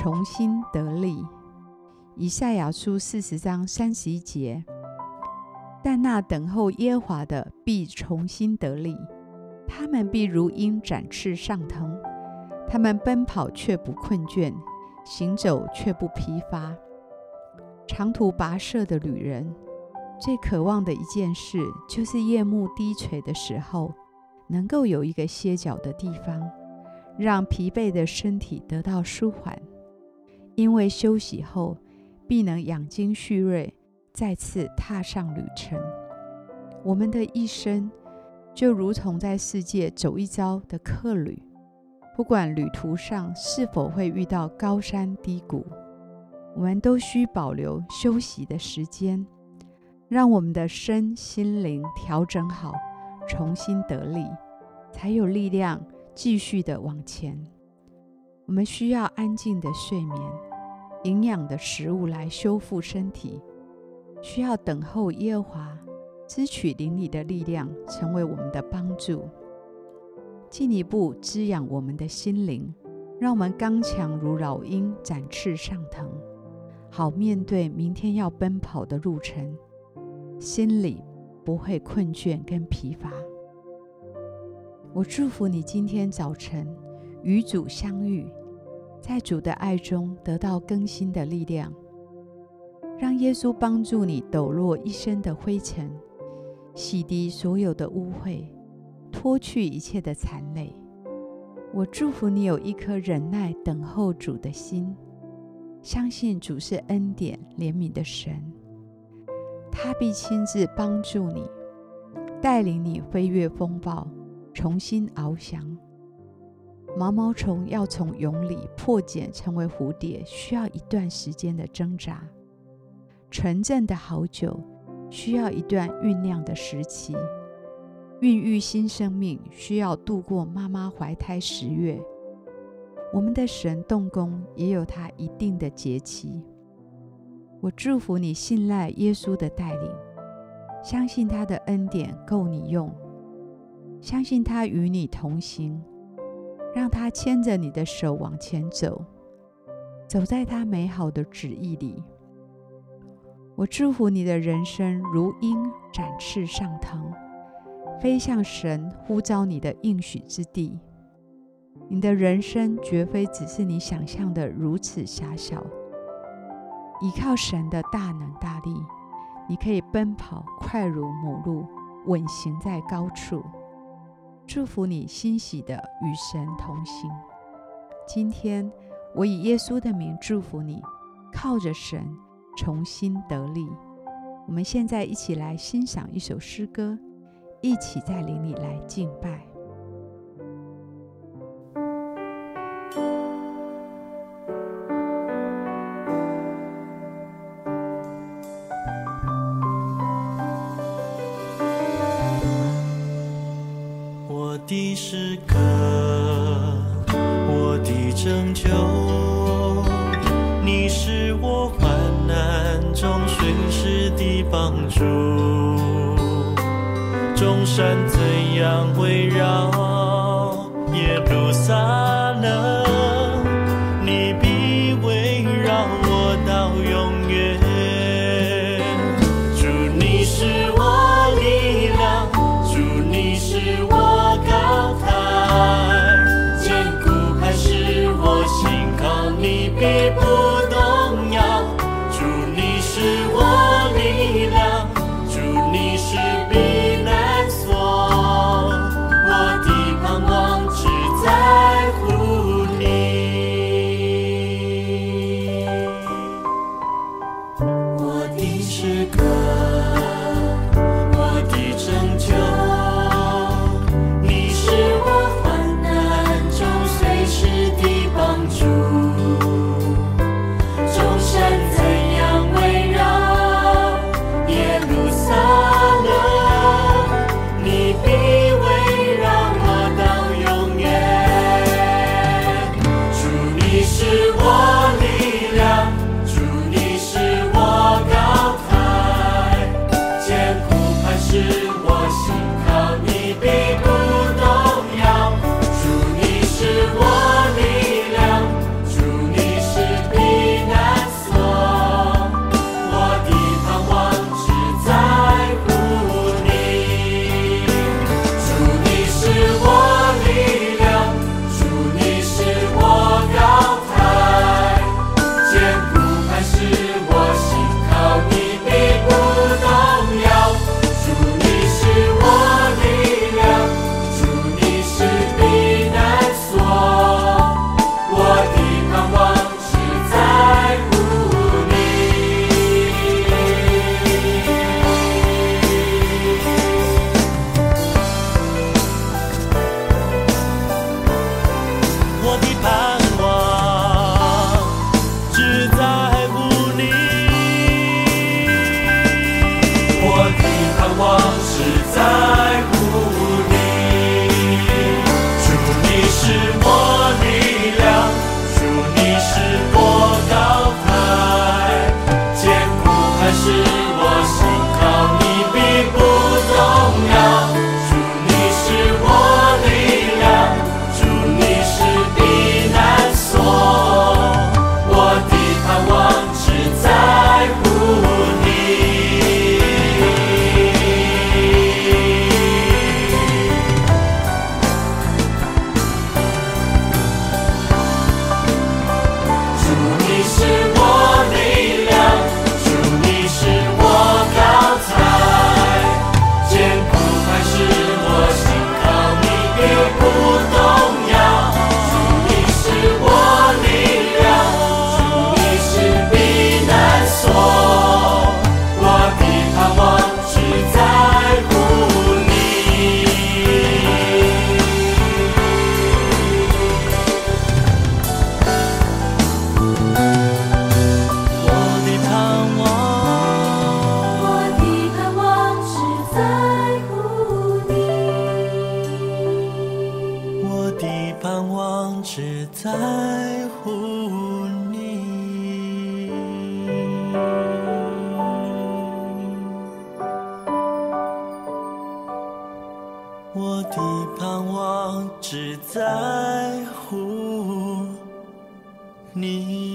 重新得力。以賽亞書四十章三十一節：但那等候耶和華的，必重新得力，他們必如鷹展翅上騰，他們奔跑卻不困倦，行走卻不疲乏。長途跋涉的旅人，最渴望的一件事，就是夜幕低垂的時候，能夠有一個歇腳的地方，讓疲憊的身體得到舒緩。因為休息後，必能養精蓄銳，再次踏上旅程。我們的一生就如同在世界走一遭的客旅，不管旅途上是否會遇到高山低谷，我們都需保留休息的時間，讓我們的身心靈調整好，重新得力，才有力量繼續的往前。我們需要安靜的睡眠。營養的食物來修復身體，需要等候耶和華支取靈裡的力量，成為我們的幫助，進一步滋養我們的心靈，讓我們剛強如老鷹展翅上騰，好面對明天要奔跑的路程，心裡不會困倦跟疲乏。我祝福你今天早晨與主相遇，在主的愛中得到更新的力量，讓耶穌幫助你抖落一身的灰塵，洗滌所有的污穢，脫去一切的纏累。我祝福你有一顆忍耐等候主的心，相信主是恩典憐憫的神，他必親自幫助你，帶領你飛越風暴，重新翱翔。毛毛蟲要從蛹裡破繭成為蝴蝶，需要一段時間的掙扎。純正的好酒需要一段醞釀的時期。孕育新生命需要度過媽媽懷胎十月。我們的神動工也有他一定的節期。我祝福你，信賴耶穌的帶領，相信他的恩典夠你用，相信他與你同行。讓他牽着你的手往前走，走在他美好的旨意裡。我祝福你的人生如鷹展翅上騰，飛向神呼召你的應許之地。你的人生絕非只是你想象的如此狹小。依靠神的大能大力，你可以奔跑快如母鹿，穩行在高處。祝福你欣喜的與神同行。今天我以耶穌的名祝福你，靠着神重新得力。我們現在一起來欣賞一首詩歌，一起帶領你來敬拜。的詩歌，我的拯救，你是我患難中隨時的幫助。眾山怎樣圍繞，也不撒。只在乎你。